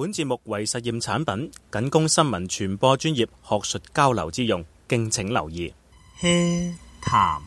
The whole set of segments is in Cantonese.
本節目為實驗產品，僅供新聞傳播專業，學術交流之用，敬請留意。嘿，談。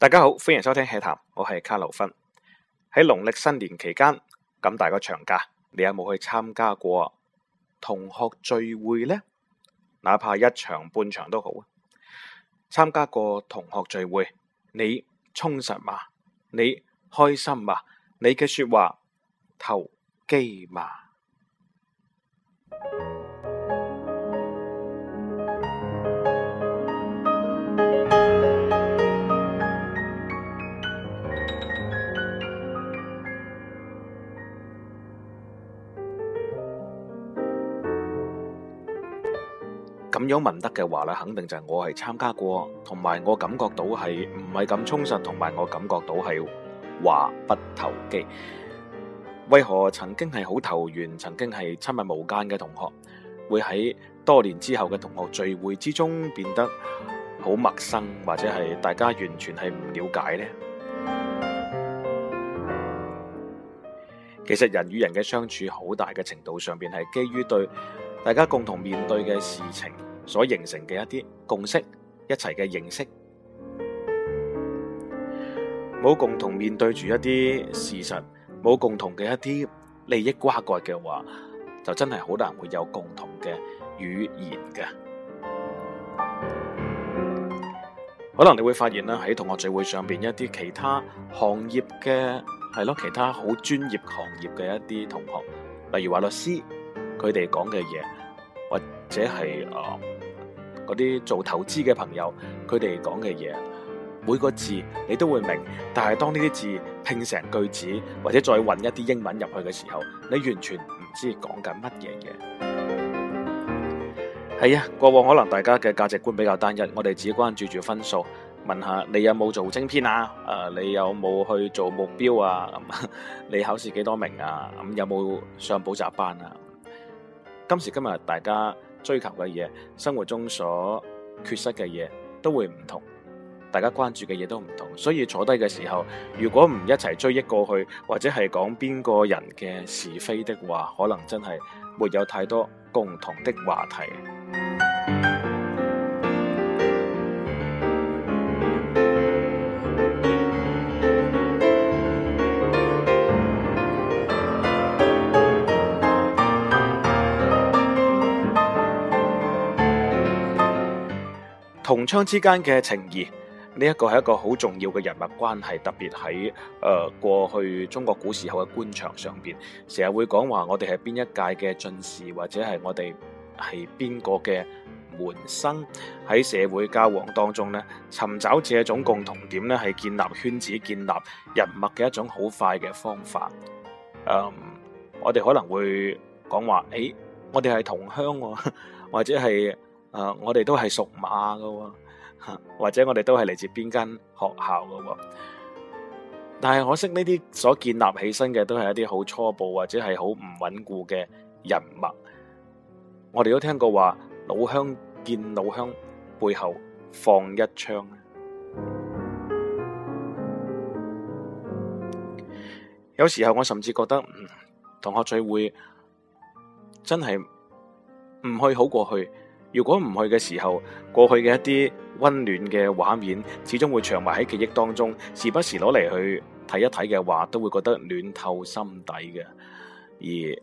大家好，歡迎收聽《吃談》，我係卡勞芬。喺農曆新年期間咁大個長假，你有冇去參加過同學聚會呢？哪怕一場半場都好啊！參加過同學聚會，你充實嘛？你開心嘛？你嘅說話投機嘛？咁樣問得嘅話咧，肯定就係我係參加過，同埋我感覺到係唔係咁充實，同埋我感覺到係話不投機。為何曾經係好投緣，曾經係親密無間嘅同學，會喺多年之後嘅同學聚會之中變得好陌生，或者係大家完全係唔了解呢？其實人與人嘅相處，好大嘅程度上邊係基於對大家共同面對嘅事情。所形成嘅一啲共識，一齊嘅認識，冇共同面對住一啲事實，冇共同嘅一啲利益瓜葛嘅話，就真係好難會有共同嘅語言嘅。可能你會發現啦，喺同學聚會上邊一啲其他行業嘅，係咯，其他好專業行業嘅一啲同學，例如話律師，佢哋講嘅嘢。或者係誒嗰啲做投資嘅朋友，佢哋講嘅嘢，每個字你都會明，但係當呢啲字拼成句子，或者再混一啲英文入去嘅時候，你完全唔知講緊乜嘢嘢。係啊， 過往可能大家嘅價值觀比較單一，我哋只關注住分數，問下你有冇做精編啊？誒，你有冇去做目標啊？咁 你考試幾多名啊？咁有冇上補習班啊？今時今日，大家追求嘅嘢，生活中所缺失嘅嘢，都會唔同，大家關注嘅嘢都唔同，所以坐低嘅時候，如果唔一齊追憶過去，或者係講邊個人嘅是非的話，可能真係沒有太多共同的話題。同窗之間嘅情誼，呢、這個、一個係一個好重要嘅人物關係，特別喺誒、呃、過去中國古時候嘅官場上邊，成日會講話我哋係邊一屆嘅進士，或者係我哋係邊個嘅門生，喺社會交往當中咧，尋找這種共同點咧，係建立圈子、建立人脈嘅一種好快嘅方法。嗯、um,，我哋可能會講話，誒、哎，我哋係同鄉、啊，或者係。誒，我哋都係屬馬嘅，或者我哋都係嚟自邊間學校嘅。但係可惜呢啲所建立起身嘅都係一啲好初步或者係好唔穩固嘅人脈。我哋都聽過話，老鄉見老鄉，背後放一槍。有時候我甚至覺得，同學聚會真係唔去好過去。如果唔去嘅時候，過去嘅一啲温暖嘅畫面，始終會長埋喺記憶當中，時不時攞嚟去睇一睇嘅話，都會覺得暖透心底嘅。而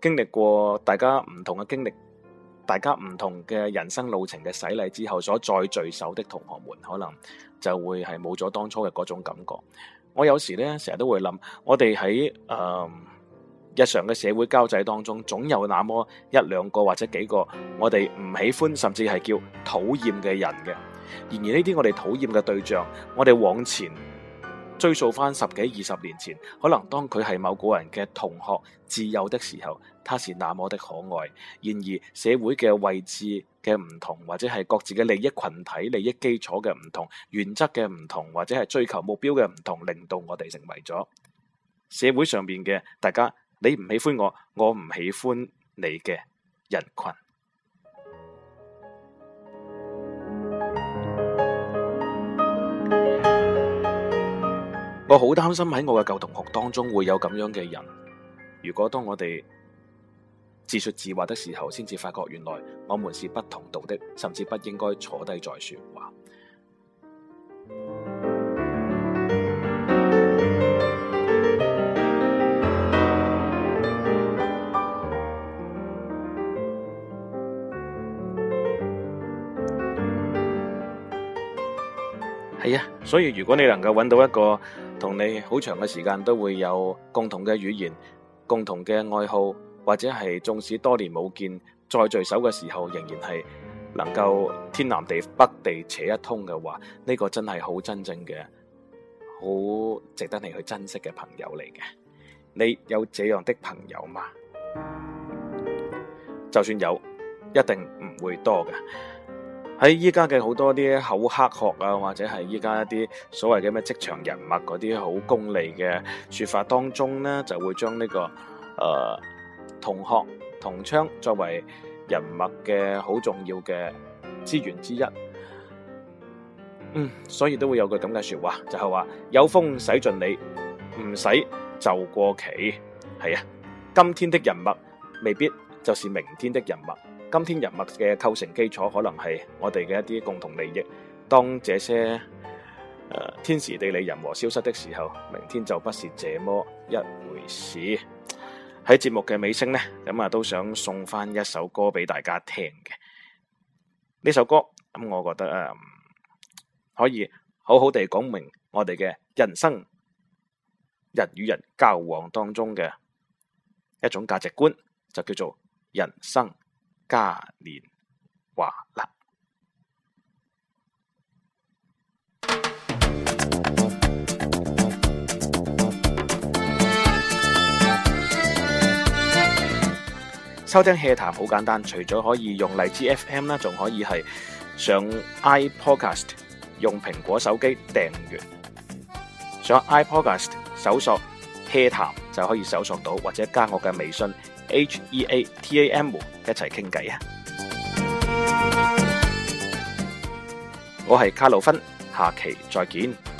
經歷過大家唔同嘅經歷，大家唔同嘅人生路程嘅洗禮之後，所再聚首的同學們，可能就會係冇咗當初嘅嗰種感覺。我有時咧，成日都會諗，我哋喺，嗯。日常嘅社會交際當中，總有那麼一兩個或者幾個我哋唔喜歡，甚至係叫討厭嘅人嘅。然而呢啲我哋討厭嘅對象，我哋往前追溯返十幾二十年前，可能當佢係某個人嘅同學、自幼的時候，他是那麼的可愛。然而社會嘅位置嘅唔同，或者係各自嘅利益群體、利益基礎嘅唔同、原則嘅唔同，或者係追求目標嘅唔同，令到我哋成為咗社會上面嘅大家。你唔喜歡我，我唔喜歡你嘅人群。我好擔心喺我嘅舊同學當中會有咁樣嘅人。如果當我哋自說自話的時候，先至發覺原來我們是不同道的，甚至不應該坐低再說話。係啊，所以如果你能夠揾到一個同你好長嘅時間都會有共同嘅語言、共同嘅愛好，或者係縱使多年冇見再聚首嘅時候，仍然係能夠天南地北地扯一通嘅話，呢個真係好真正嘅，好值得你去珍惜嘅朋友嚟嘅。你有這樣的朋友嗎？就算有，一定唔會多嘅。喺依家嘅好多啲口黑學啊，或者係依家一啲所謂嘅咩職場人脈嗰啲好功利嘅說法當中咧，就會將呢、這個誒、呃、同學同窗作為人脈嘅好重要嘅資源之一。嗯，所以都會有句咁嘅說話，就係、是、話有風使盡你唔使就過期。係啊，今天的人脈未必就是明天的人脈。今天人物嘅構成基礎可能係我哋嘅一啲共同利益。當這些誒天時地利人和消失的時候，明天就不是這麼一回事。喺節目嘅尾聲呢，咁啊都想送翻一首歌俾大家聽嘅。呢首歌咁，我覺得誒可以好好地講明我哋嘅人生。人與人交往當中嘅一種價值觀，就叫做人生。嘉年華啦！收聽《戲談》好簡單，除咗可以用荔枝 FM 啦，仲可以系上 iPodcast，用蘋果手機訂閱，上 iPodcast 搜索《戲談》就可以搜索到，或者加我嘅微信。H E A T A M 一齊傾偈啊！我係卡路芬，下期再見。